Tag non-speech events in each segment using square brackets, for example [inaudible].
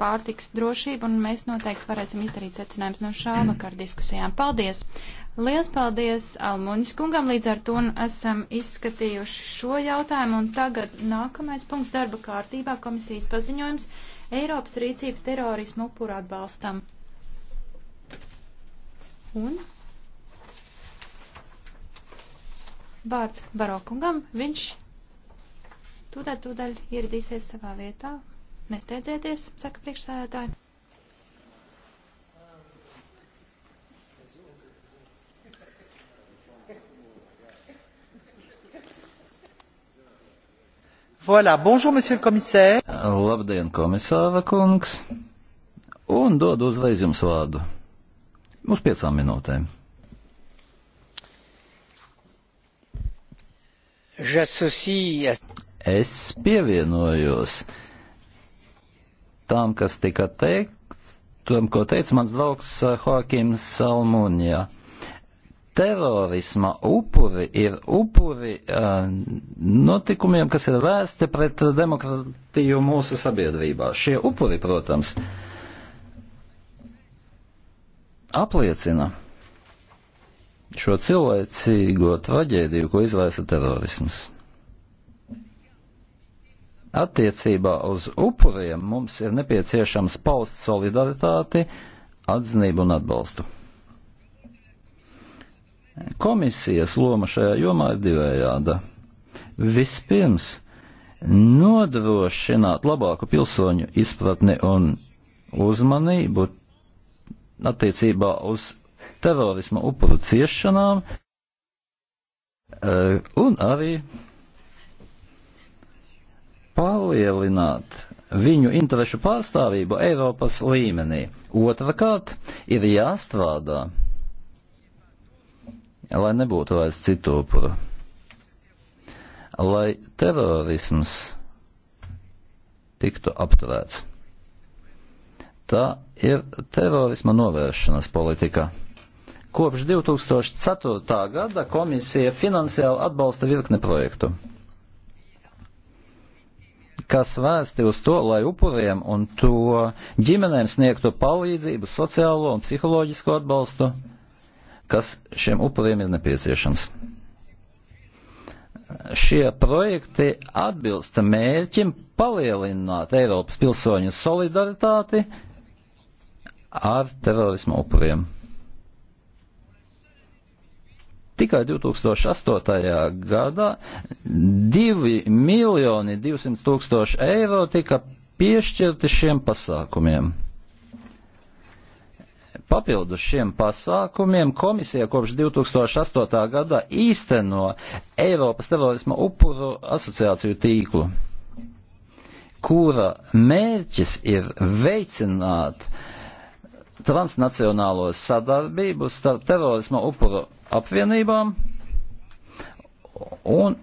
pārtiks drošību, un mēs noteikti varēsim izdarīt secinājumus no šā vakar diskusijām. Paldies! Liels paldies Almuņas kungam, līdz ar to esam izskatījuši šo jautājumu, un tagad nākamais punkts darba kārtībā komisijas paziņojums Eiropas rīcība terorismu upuru atbalstam. Un vārds Barokungam, viņš tūdaļ, tūdaļ ieradīsies savā vietā. Nesteidzieties, saka priekšsēdētāji. Voilà, bonjour, monsieur le commissaire. Labdien, komisāra kungs. Un dodu uzreiz jums vārdu. Uz piecām minūtēm. Es pievienojos tam, kas tika teikt, tam, ko teica mans draugs Hoakims eh, Salmunija. Terorisma upuri ir upuri uh, notikumiem, kas ir vērsti pret demokratiju mūsu sabiedrībā. Šie upuri, protams, apliecina šo cilvēcīgo traģēdiju, ko izraisa terorisms. Attiecībā uz upuriem mums ir nepieciešams paust solidaritāti, atzinību un atbalstu. Komisijas loma šajā jomā ir divējāda. Vispirms nodrošināt labāku pilsoņu izpratni un uzmanību attiecībā uz terorisma upuru ciešanām eh, un arī palielināt viņu interešu pārstāvību Eiropas līmenī. Otrakārt, ir jāstrādā, lai nebūtu vairs citu upuru, lai terorisms tiktu apturēts. Tā ir terorisma novēršanas politika. Kopš 2004. gada komisija finansiāli atbalsta virkni projektu kas vērsti uz to, lai upuriem un to ģimenēm sniegtu palīdzību, sociālo un psiholoģisko atbalstu, kas šiem upuriem ir nepieciešams. Šie projekti atbilsta mērķim palielināt Eiropas pilsoņu solidaritāti ar terorismu upuriem. Tikai 2008. gadā 2 miljoni 200 tūkstoši eiro tika piešķirti šiem pasākumiem. Papildus šiem pasākumiem komisija kopš 2008. gada īsteno Eiropas terorisma upuru asociāciju tīklu, kura mērķis ir veicināt uh, transnacionālo sadarbību starp terorisma upuru apvienībām un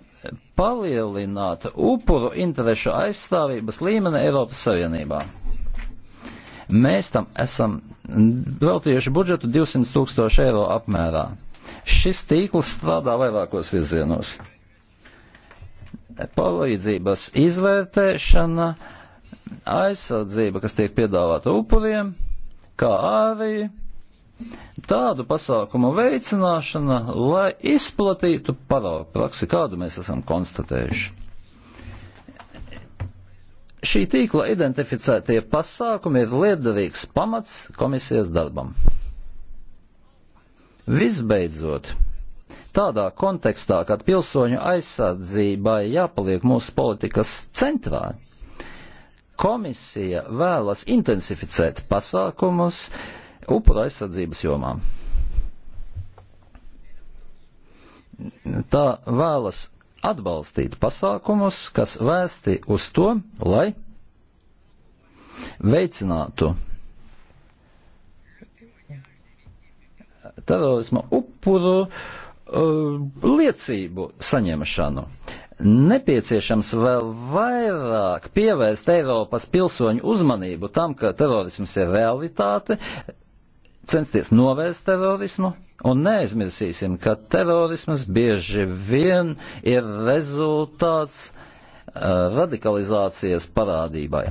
palielināt upuru interešu aizstāvības līmeni Eiropas Savienībā. Mēs tam esam veltījuši budžetu 200 tūkstoši eiro apmērā. Šis tīkls strādā vairākos virzienos. Palīdzības izvērtēšana, aizsardzība, kas tiek piedāvāta upuriem, kā arī tādu pasākumu veicināšana, lai izplatītu paraugu praksi, kādu mēs esam konstatējuši. Šī tīkla identificētie pasākumi ir liederīgs pamats komisijas darbam. Visbeidzot, tādā kontekstā, kad pilsoņu aizsardzībai jāpaliek mūsu politikas centrā, Komisija vēlas intensificēt pasākumus upura aizsardzības jomā. Tā vēlas atbalstīt pasākumus, kas vēsti uz to, lai veicinātu terorisma upuru uh, liecību saņemšanu nepieciešams vēl vairāk pievērst Eiropas pilsoņu uzmanību tam, ka terorisms ir realitāte, censties novērst terorismu. Un neaizmirsīsim, ka terorisms bieži vien ir rezultāts uh, radikalizācijas parādībai.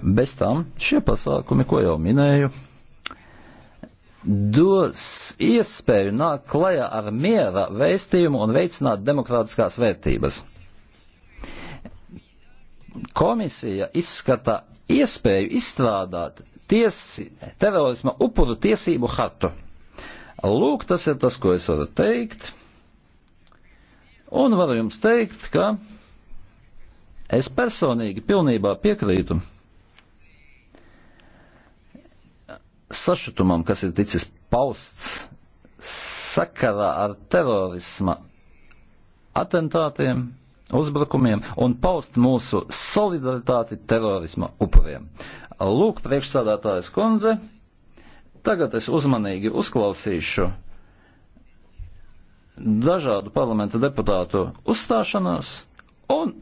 Bez tam šie pasākumi, ko jau minēju, dos iespēju nākt klajā ar miera vēstījumu un veicināt demokrātiskās vērtības. Komisija izskata iespēju izstrādāt tiesi, terorisma upuru tiesību hartu. Lūk, tas ir tas, ko es varu teikt. Un varu jums teikt, ka es personīgi pilnībā piekrītu sašutumam, kas ir ticis pausts sakarā ar terorisma atentātiem, uzbrukumiem un paust mūsu solidaritāti terorisma upuriem. Lūk, priekšsādātājas kundze, tagad es uzmanīgi uzklausīšu dažādu parlamenta deputātu uzstāšanos un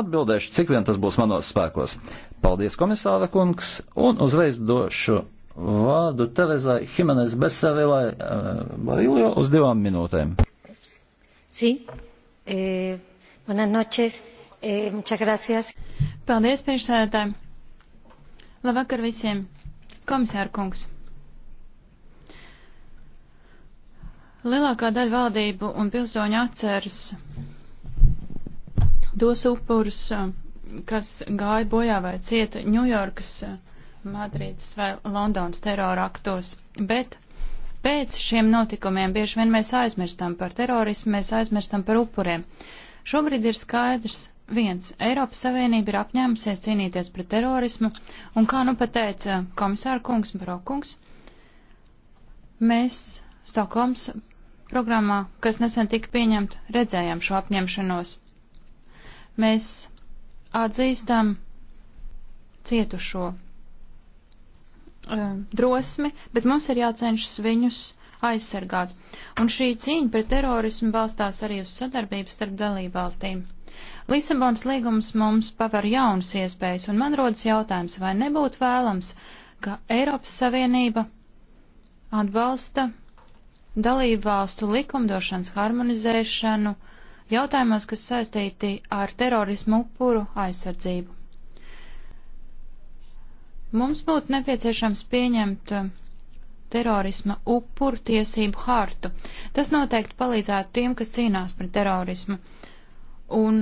atbildēšu, cik vien tas būs manos spēkos. Paldies, komisāra kungs, un uzreiz došu vārdu Terezai Himenez Beserilai uh, eh, Barilio uz divām minūtēm. Sí. Eh, buenas noches. Eh, muchas gracias. Paldies, priekšsēdētāji. Labvakar visiem. Komisāra kungs. Lielākā daļa valdību un pilsoņu atceras tos upurus, kas gāja bojā vai cieta Ņujorkas uh, Madrīdas vai Londonas teroraktos, bet pēc šiem notikumiem bieži vien mēs aizmirstam par terorismu, mēs aizmirstam par upuriem. Šobrīd ir skaidrs viens. Eiropas Savienība ir apņēmusies cīnīties pret terorismu, un kā nu pateica komisāra kungs un prokungs, mēs Stokholms programmā, kas nesen tika pieņemta, redzējām šo apņemšanos. Mēs atzīstam cietušo Um, drosmi, bet mums ir jācenšas viņus aizsargāt. Un šī cīņa pret terorismu balstās arī uz sadarbību starp dalībvalstīm. Lisabons līgums mums paver jaunas iespējas, un man rodas jautājums, vai nebūtu vēlams, ka Eiropas Savienība atbalsta dalību valstu likumdošanas harmonizēšanu jautājumos, kas saistīti ar terorismu upuru aizsardzību. Mums būtu nepieciešams pieņemt uh, terorisma upuru tiesību hartu. Tas noteikti palīdzētu tiem, kas cīnās pret terorismu. Un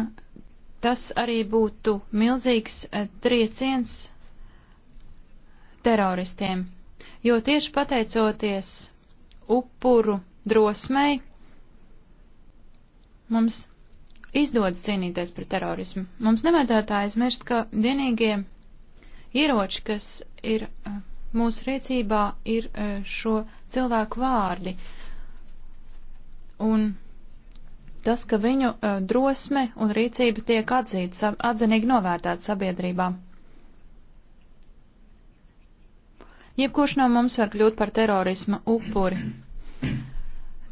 tas arī būtu milzīgs uh, trieciens teroristiem, jo tieši pateicoties upuru drosmei mums izdodas cīnīties pret terorismu. Mums nevajadzētu aizmirst, ka vienīgie ieroči, kas ir eh, mūsu rīcībā, ir eh, šo cilvēku vārdi. Un tas, ka viņu eh, drosme un rīcība tiek atzīta, atzinīgi novērtēta sabiedrībā. Jebkurš no mums var kļūt par terorisma upuri.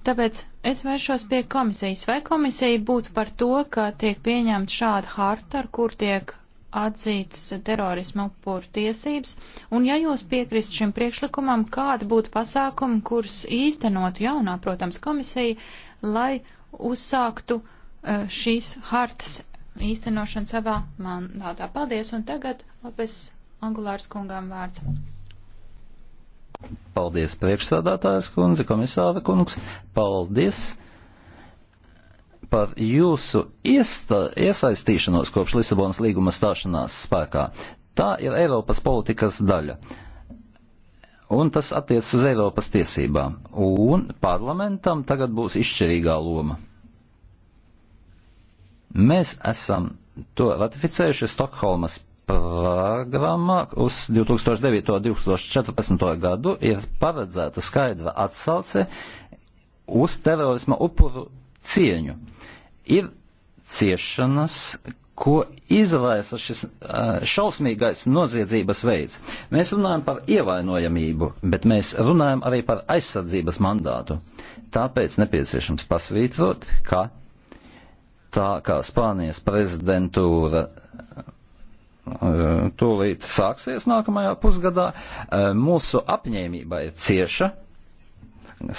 Tāpēc es vēršos pie komisijas. Vai komisija būtu par to, ka tiek pieņemta šāda harta, ar kur tiek atzīts terorismu upuru tiesības, un ja jūs piekrist šim priekšlikumam, kāda būtu pasākuma, kurus īstenot jaunā, protams, komisija, lai uzsāktu eh, šīs hartas īstenošanu savā mandātā. Paldies, un tagad labes Angulārs kungām vārds. Paldies, priekšsādātājs kundze, komisāra kungs. Paldies par jūsu iesta, iesaistīšanos kopš Lisabonas līguma stāšanās spēkā. Tā ir Eiropas politikas daļa. Un tas attiecas uz Eiropas tiesībām. Un parlamentam tagad būs izšķirīgā loma. Mēs esam to ratificējuši Stokholmas programmā uz 2009. un 2014. gadu ir paredzēta skaidra atsauce uz terorisma upuru cieņu. Ir ciešanas, ko izraisa šis šausmīgais noziedzības veids. Mēs runājam par ievainojamību, bet mēs runājam arī par aizsardzības mandātu. Tāpēc nepieciešams pasvītrot, ka tā kā Spānijas prezidentūra tūlīt sāksies nākamajā pusgadā, mūsu apņēmība ir cieša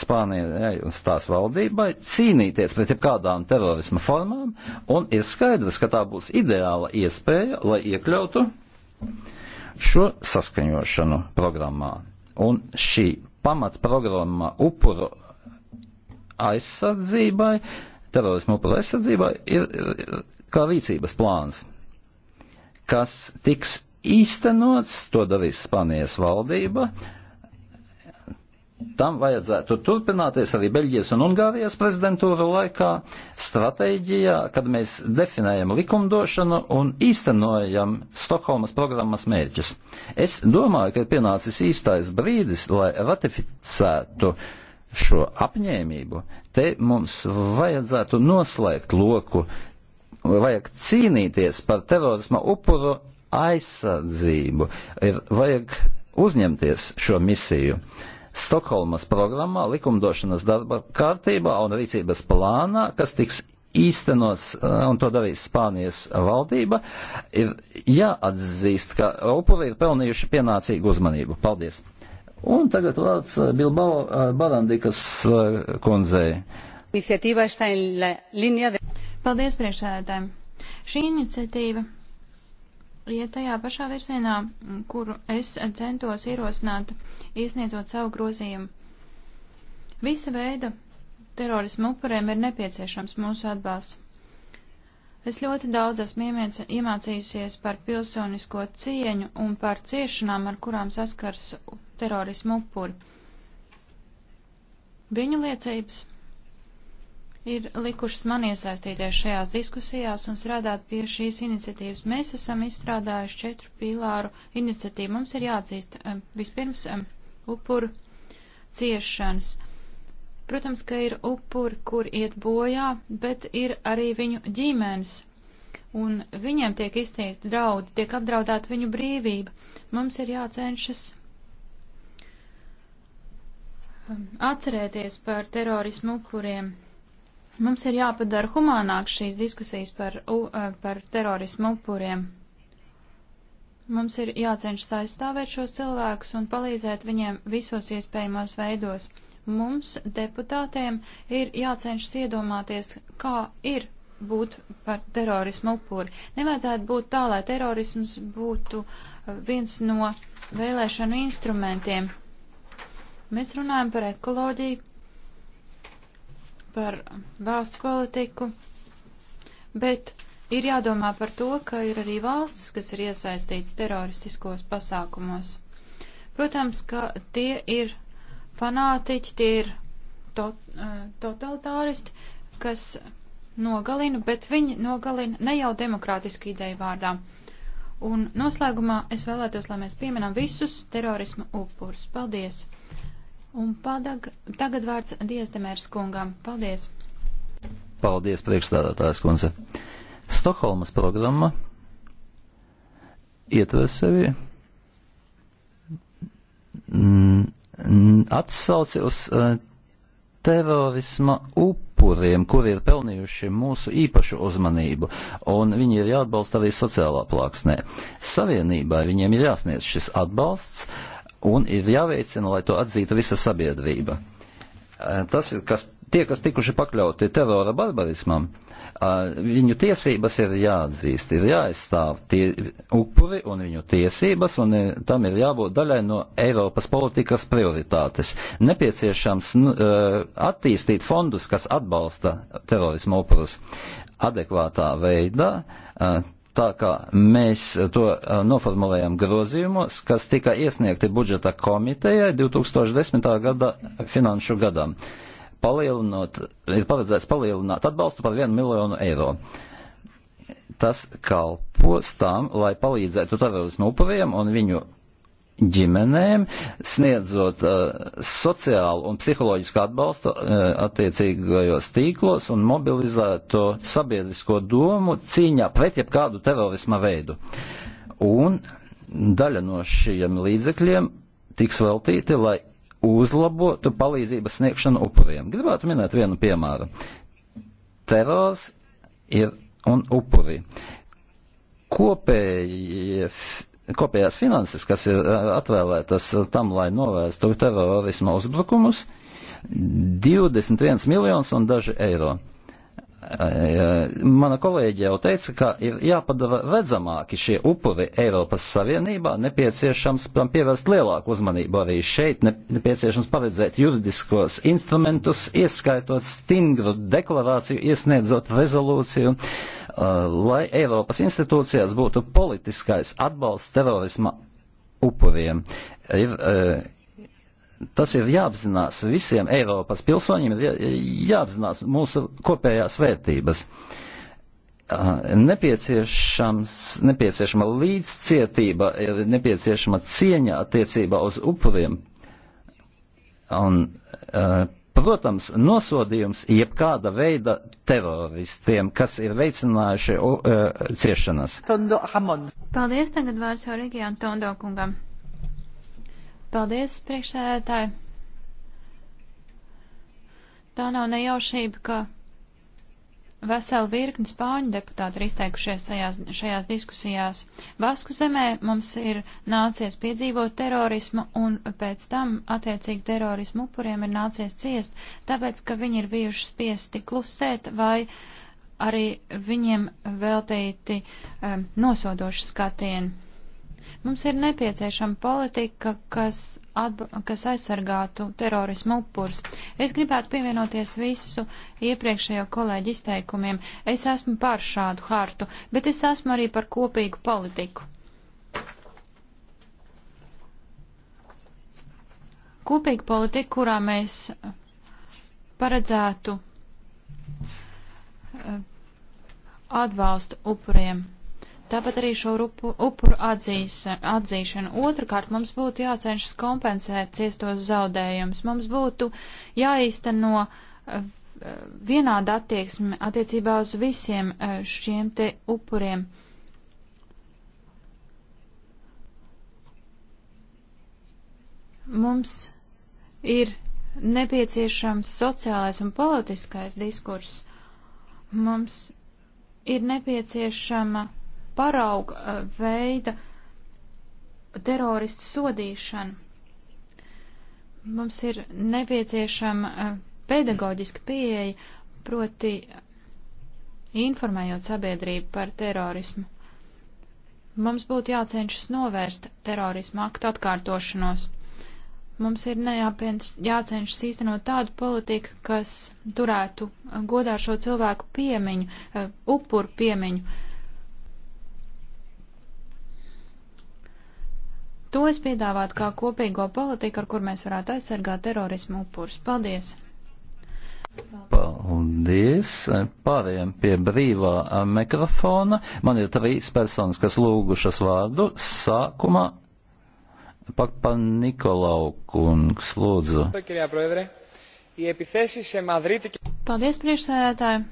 Spānijai un tās valdībai cīnīties pret jebkādām terorisma formām, un ir skaidrs, ka tā būs ideāla iespēja, lai iekļautu šo saskaņošanu programmā. Un šī pamatprogramma upuru aizsardzībai, terorismu upuru aizsardzībai, ir, ir kā rīcības plāns, kas tiks īstenots, to darīs Spānijas valdība, Tam vajadzētu turpināties arī Beļģijas un Ungārijas prezidentūra laikā, stratēģijā, kad mēs definējam likumdošanu un īstenojam Stokholmas programmas mērķus. Es domāju, ka ir pienācis īstais brīdis, lai ratificētu šo apņēmību. Te mums vajadzētu noslēgt loku, vajag cīnīties par terorisma upuru aizsardzību, ir, vajag uzņemties šo misiju. Uh, Stokholmas programmā, likumdošanas darba kārtībā un rīcības plānā, kas tiks īstenos, eh, un to darīs Spānijas valdība, ir jāatzīst, ka upuri ir pelnījuši pienācīgu uzmanību. Paldies! Un tagad vārds eh, Bilbao eh, Barandikas kundzei. Paldies priekšsēdētājiem! Šī iniciatīva iet ja tajā pašā virzienā, kuru es centos ierosināt, iesniedzot savu grozījumu. Visa veida terorismu upuriem ir nepieciešams mūsu atbalsts. Es ļoti daudz esmu iemācījusies par pilsonisko cieņu un par ciešanām, ar kurām saskars terorismu upuri. Viņu liecības ir likušas man iesaistīties šajās diskusijās un strādāt pie šīs iniciatīvas. Mēs esam izstrādājuši četru pīlāru iniciatīvu. Mums ir jāatzīst vispirms upuru ciešanas. Protams, ka ir upuri, kur iet bojā, bet ir arī viņu ģimenes. Un viņiem tiek izteikti draudi, tiek apdraudēta viņu brīvība. Mums ir jācenšas atcerēties par terorismu upuriem, Mums ir jāpadara humānāk šīs diskusijas par, eh, par terorismu upuriem. Mums ir jācenšas aizstāvēt šos cilvēkus un palīdzēt viņiem visos iespējamos veidos. Mums, deputātiem, ir jācenšas iedomāties, kā ir būt par terorismu upuri. Nevajadzētu būt tā, lai terorisms būtu eh, viens no vēlēšanu instrumentiem. Mēs runājam par ekoloģiju, par valsts politiku, bet ir jādomā par to, ka ir arī valstis, kas ir iesaistīts teroristiskos pasākumos. Protams, ka tie ir fanātiķi, tie ir to, eh, totalitāristi, kas nogalina, bet viņi nogalina ne jau demokrātisku ideju vārdā. Un noslēgumā es vēlētos, lai mēs pieminam visus terorisma upurus. Paldies! Un padag, tagad vārds Diezdemērs kungam. Paldies! Paldies, priekšstādātājs kundze! Stokholmas programma ietver sevi atsauci uz e, terorisma upuriem, kuri ir pelnījuši mūsu īpašu uzmanību, un viņi ir jāatbalsta arī sociālā plāksnē. Savienībai viņiem ir jāsniedz šis atbalsts, uh, un ir jāveicina, lai to atzītu visa sabiedrība. Eh, tas ir, kas, tie, kas tikuši pakļauti terora barbarismam, eh, viņu tiesības ir jāatzīst, ir jāaizstāv tie upuri un viņu tiesības, un eh, tam ir jābūt daļai no Eiropas politikas prioritātes. Nepieciešams nu, attīstīt fondus, kas atbalsta terorismu upurus adekvātā veidā tā kā mēs to noformulējam grozījumos, kas tika iesniegti budžeta komitejai 2010. gada finanšu gadam. Palielinot, ir paredzēts palielināt atbalstu par 1 miljonu eiro. Tas kalpos tam, lai palīdzētu terorismu upuriem un viņu ģimenēm, sniedzot uh, sociālu un psiholoģisku atbalstu uh, attiecīgajos tīklos un mobilizēto sabiedrisko domu cīņā pret jebkādu terorisma veidu. Un daļa no šiem līdzekļiem tiks veltīti, lai uzlabotu palīdzības sniegšanu upuriem. Gribētu minēt vienu piemēru. Terors ir un upuri. Kopēji kopējās finanses, kas ir atvēlētas tam, lai novērstu terorisma uzbrukumus, 21 miljonus un daži eiro. Mana kolēģe jau teica, ka ir jāpadara redzamāki šie upuri Eiropas Savienībā, nepieciešams tam pievērst lielāku uzmanību arī šeit, nepieciešams paredzēt juridiskos instrumentus, ieskaitot stingru deklarāciju, iesniedzot rezolūciju. Uh, Uh, lai Eiropas institūcijās būtu politiskais atbalsts terorisma upuriem. Ir, uh, Tas ir jāapzinās visiem Eiropas pilsoņiem, ir jāapzinās mūsu kopējās vērtības. Uh, nepieciešama līdzcietība, ir nepieciešama cieņa attiecībā uz upuriem. Un uh, Protams, nosodījums jebkāda veida teroristiem, kas ir veicinājuši uh, ciešanas. Paldies, tagad vārds Horigijam Tondo kungam. Paldies, priekšsēdētāji. Tā nav nejaušība, ka Veseli virkni spāņu deputāti ir izteikušies šajās, šajās diskusijās. Vasku zemē mums ir nācies piedzīvot terorismu un pēc tam attiecīgi terorismu upuriem ir nācies ciest, tāpēc, ka viņi ir bijuši spiesti klusēt vai arī viņiem veltīti um, nosodoši skatieni. Mums ir nepieciešama politika, kas, kas aizsargātu terorismu upurs. Es gribētu pievienoties visu iepriekšējo kolēģi izteikumiem. Es esmu par šādu hartu, bet es esmu arī par kopīgu politiku. Kopīga politika, kurā mēs paredzētu eh, atbalstu upuriem. Tāpat arī šo rupu, upuru atzīs, atzīšanu. Otrakārt, mums būtu jācenšas kompensēt ciestos zaudējumus. Mums būtu jāīsteno eh, vienāda attieksme attiecībā uz visiem eh, šiem te upuriem. Mums ir nepieciešams sociālais un politiskais diskurss. Mums ir nepieciešama parauga uh, veida teroristu sodīšanu. Mums ir nepieciešama uh, pedagoģiska pieeja, proti informējot sabiedrību par terorismu. Mums būtu jācenšas novērst terorismu aktu atkārtošanos. Mums ir nejāpiens, jācenšas īstenot tādu politiku, kas turētu godā šo cilvēku piemiņu, uh, upuru piemiņu To es piedāvātu kā kopīgo politiku, ar kur mēs varētu aizsargāt terorismu upurus. Paldies! Paldies! Pārējiem pie brīvā mikrofona. Man ir trīs personas, kas lūgušas vārdu. Sākumā Papa Nikolau kungs, lūdzu. Paldies, priekšsēdētāji!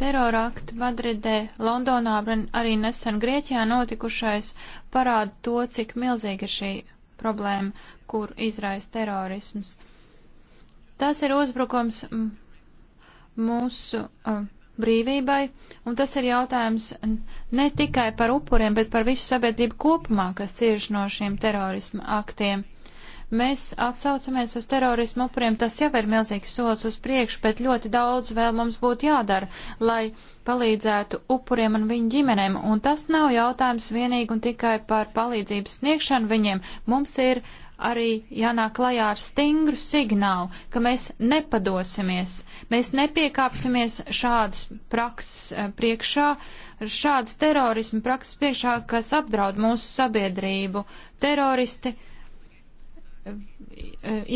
Terorakti Madridē, Londonā, arī nesen Grieķijā notikušais parāda to, cik milzīga ir šī problēma, kur izraisa terorisms. Tas ir uzbrukums mūsu uh, brīvībai, un tas ir jautājums ne tikai par upuriem, bet par visu sabiedrību kopumā, kas cieši no šiem terorisma aktiem. Mēs atsaucamies uz terorismu upuriem, tas jau ir milzīgs solis uz priekšu, bet ļoti daudz vēl mums būtu jādara, lai palīdzētu upuriem un viņu ģimenēm. Un tas nav jautājums vienīgi un tikai par palīdzības sniegšanu viņiem. Mums ir arī jānāk klajā ar stingru signālu, ka mēs nepadosimies, mēs nepiekāpsimies šādas prakses eh, priekšā, šādas terorismu prakses priekšā, kas apdraud mūsu sabiedrību. Teroristi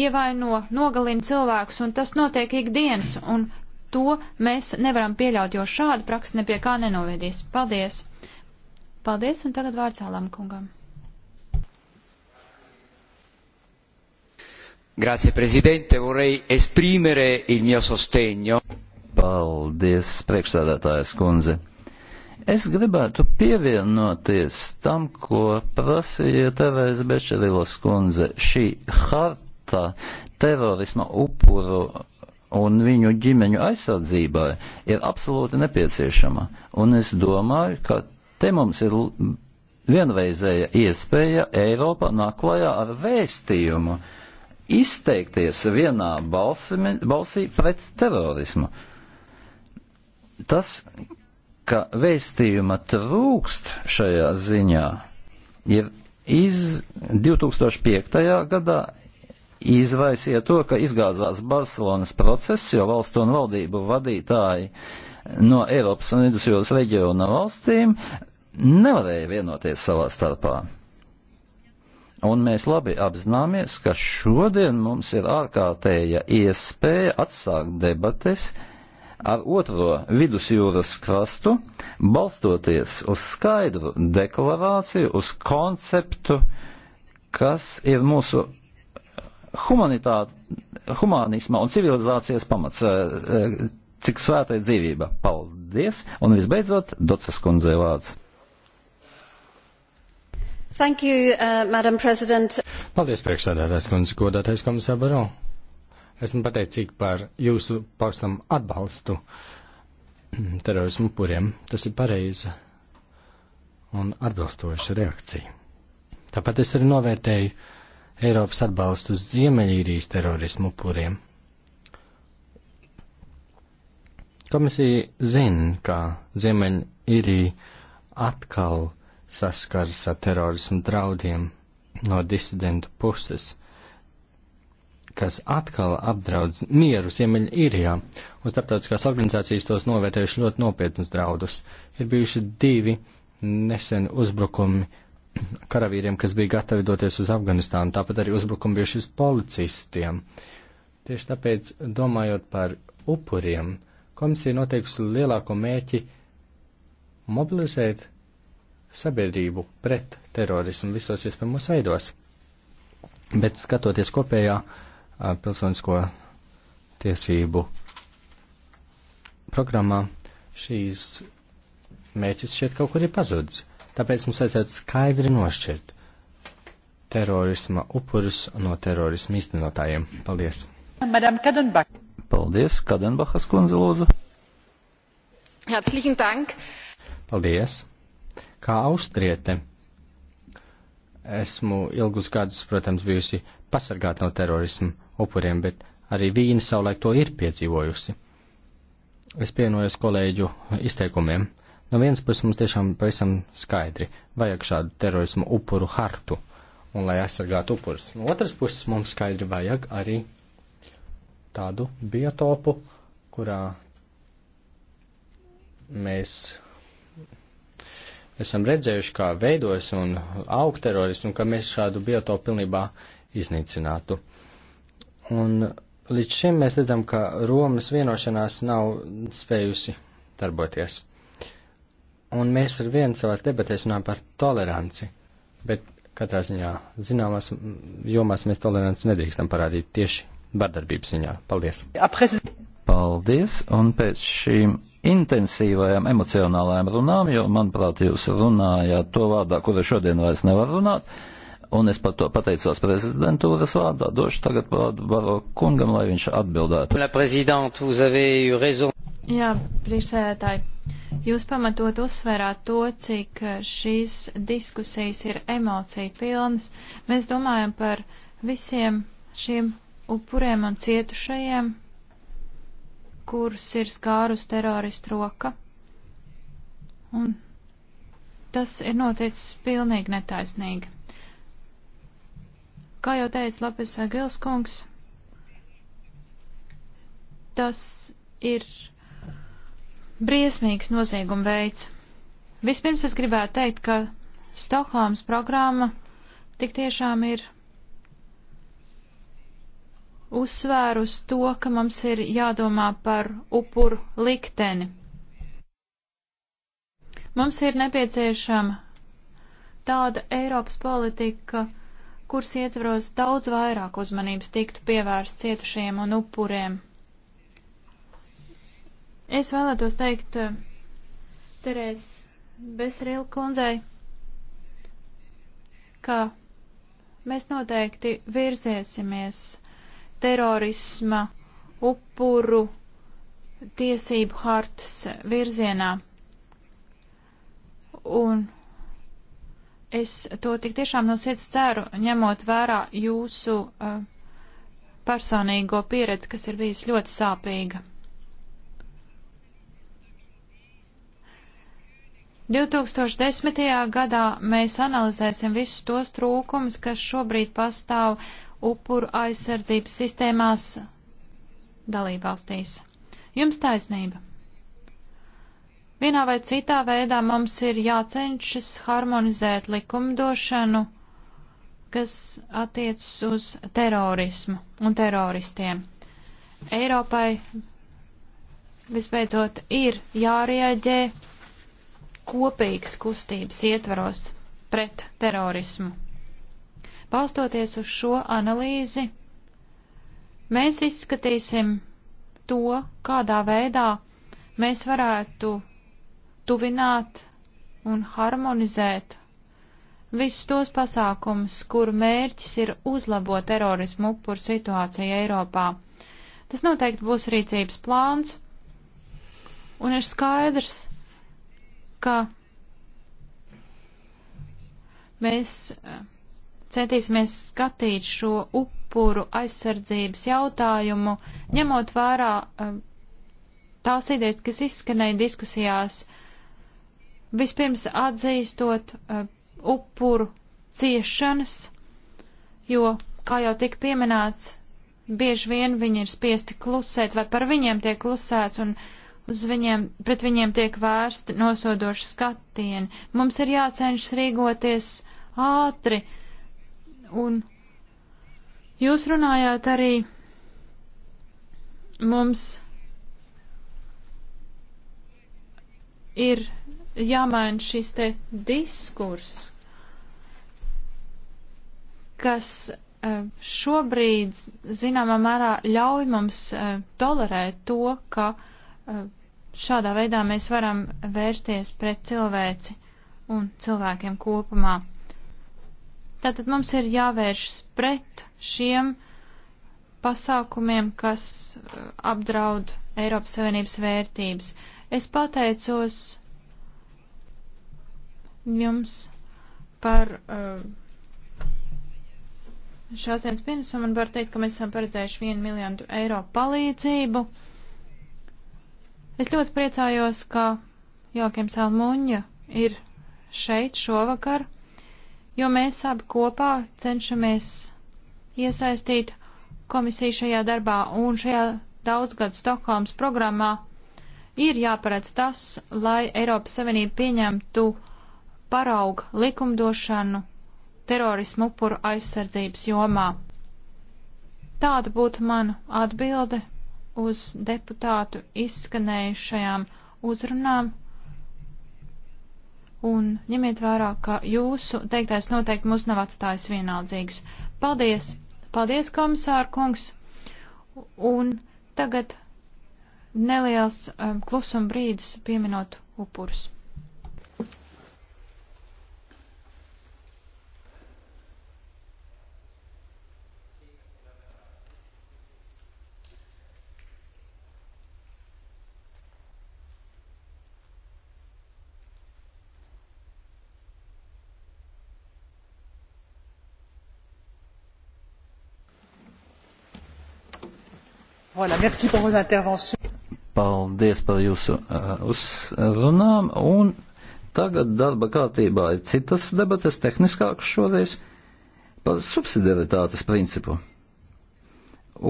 ievaino, nogalina cilvēkus, un tas notiek ikdienas, un to mēs nevaram pieļaut, jo šāda praksa nepie kā nenovedīs. Paldies! Paldies, un tagad vārds Alam kungam. Grazie Presidente, vorrei esprimere il mio sostegno. Paldies, priekšsēdētājas kundze. Es gribētu pievienoties tam, ko prasīja Terēza Bešerilas kundze. Šī harta terorisma upuru un viņu ģimeņu aizsardzībai ir absolūti nepieciešama. Un es domāju, ka te mums ir vienreizēja iespēja Eiropa naklajā ar vēstījumu izteikties vienā balsi, balsī pret terorismu. Tas, ka vēstījuma trūkst šajā ziņā ir iz 2005. gadā izraisīja to, ka izgāzās Barcelonas process, jo valstu un valdību vadītāji no Eiropas un Vidusjūras reģiona valstīm nevarēja vienoties savā starpā. Un mēs labi apzināmies, ka šodien mums ir ārkārtēja iespēja atsākt debates ar otro vidusjūras krastu, balstoties uz skaidru deklarāciju, uz konceptu, kas ir mūsu humanisma un civilizācijas pamats, eh, eh, cik svēta ir dzīvība. Paldies! Un visbeidzot, Docas kundze vārds. Thank you, uh, Madam President. Paldies, priekšsēdētājs kundze, godātais komisārs Baro. Esmu pateicīgi par jūsu paustam atbalstu [clears throat] terorismu upuriem. Tas ir pareiza un atbilstoša reakcija. Tāpat es arī novērtēju Eiropas atbalstu Ziemeļīrijas terorismu upuriem. Komisija zina, ka Ziemeļīrija atkal saskars ar terorismu draudiem no disidentu puses kas atkal apdraudz mieru Ziemeļīrijā, un starptautiskās organizācijas tos novērtējuši ļoti nopietnus draudus. Ir bijuši divi nesen uzbrukumi karavīriem, kas bija gatavi doties uz Afganistānu, tāpat arī uzbrukumi bijuši uz policistiem. Tieši tāpēc, domājot par upuriem, komisija noteikusi lielāko mērķi mobilizēt sabiedrību pret terorismu visos iespējamos veidos. Bet skatoties kopējā uh, pilsonisko tiesību programmā šīs mērķis šeit kaut kur ir pazudis. Tāpēc mums vajadzētu skaidri nošķirt terorisma upurus no terorisma īstenotājiem. Paldies! Madam Kadenbach. Paldies, Kadenbachas kundze lūdzu. Herzlichen Dank. Paldies. Kā austriete esmu ilgus gadus, protams, bijusi pasargāta no terorismu upuriem, bet arī vīna savulaik to ir piedzīvojusi. Es pienojos kolēģu izteikumiem. No vienas puses mums tiešām pavisam skaidri vajag šādu terorismu upuru hartu, un lai aizsargātu upurus. No otras puses mums skaidri vajag arī tādu biotopu, kurā mēs esam redzējuši, kā veidojas un aug terorismu, ka mēs šādu biotopu pilnībā iznīcinātu. Un līdz šim mēs redzam, ka Romas vienošanās nav spējusi darboties. Un mēs ar vienu savās debatēs runājam par toleranci, bet katrā ziņā zināmās jomās mēs toleranci nedrīkstam parādīt tieši vardarbības ziņā. Paldies! Paldies, un pēc šīm intensīvajām emocionālajām runām, jo, manuprāt, jūs runājāt to vārdā, kura šodien vairs nevar runāt, un es par to pateicos prezidentūras vārdā. Došu tagad vārdu Baro kungam, lai viņš atbildētu. Jā, priekšsēdētāji, jūs pamatot uzsvērāt to, cik eh, šīs diskusijas ir emociju pilnas. Mēs domājam par visiem šiem upuriem un cietušajiem, kurus ir skārus teroristu roka. Un tas ir noticis pilnīgi netaisnīgi. Kā jau teica Lapis Gilskungs, tas ir briesmīgs nozieguma veids. Vispirms es gribētu teikt, ka Stokholmas programma tik tiešām ir uzsvēru uz to, ka mums ir jādomā par upuru likteni. Mums ir nepieciešama tāda Eiropas politika, kuras ietvaros daudz vairāk uzmanības tiktu pievērst cietušajiem un upuriem. Es vēlētos teikt Terēs Besrila kundzei, ka mēs noteikti virziesimies terorisma upuru tiesību hartas virzienā. Un es to tik tiešām no sirds ceru, ņemot vērā jūsu uh, personīgo pieredzi, kas ir bijusi ļoti sāpīga. 2010. gadā mēs analizēsim visus tos trūkumus, kas šobrīd pastāv upuru aizsardzības sistēmās dalībvalstīs. Jums taisnība. Vienā vai citā veidā mums ir jācenšas harmonizēt likumdošanu, kas attiecas uz terorismu un teroristiem. Eiropai visbeidzot ir jārieģē kopīgas kustības ietvaros pret terorismu. Balstoties uz šo analīzi, mēs izskatīsim to, kādā veidā mēs varētu tuvināt un harmonizēt visus tos pasākumus, kuru mērķis ir uzlabot terorismu upuru situāciju Eiropā. Tas noteikti būs rīcības plāns, un ir skaidrs, ka mēs centīsimies skatīt šo upuru aizsardzības jautājumu, ņemot vērā eh, tās idejas, kas izskanēja diskusijās, vispirms atzīstot eh, upuru ciešanas, jo, kā jau tika pieminēts, bieži vien viņi ir spiesti klusēt vai par viņiem tiek klusēts un uz viņiem, pret viņiem tiek vērsti nosodoši skatieni. Mums ir jācenšas rīkoties ātri, uh, Un jūs runājāt arī mums ir jāmaina šis te diskurs, kas eh, šobrīd, zināmā mērā, ļauj mums eh, tolerēt to, ka eh, šādā veidā mēs varam vērsties pret cilvēci un cilvēkiem kopumā. Tātad mums ir jāvēršas pret šiem pasākumiem, kas uh, apdraud Eiropas Savienības vērtības. Es pateicos jums par uh, šās dienas pienesumu un varu teikt, ka mēs esam paredzējuši vienu miljardu eiro palīdzību. Es ļoti priecājos, ka Jokiem Salmuņa ir šeit šovakar jo mēs abi kopā cenšamies iesaistīt komisiju šajā darbā un šajā daudzgadu Stokholmas programmā ir jāparedz tas, lai Eiropas Savienība pieņemtu parauga likumdošanu terorismu upuru aizsardzības jomā. Tāda būtu mana atbilde uz deputātu izskanējušajām uzrunām un ņemiet vērā, ka jūsu teiktais noteikti mūs nav atstājis vienaldzīgus. Paldies! Paldies, komisāra kungs! Un tagad neliels um, klusuma brīdis pieminot upurus. Voilà, merci pour vos interventions. Paldies par jūsu uh, uzrunām. Un tagad darba kārtībā ir citas debates, tehniskākas šoreiz, par subsidiaritātes principu.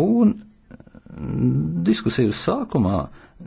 Un mm, diskusiju sākumā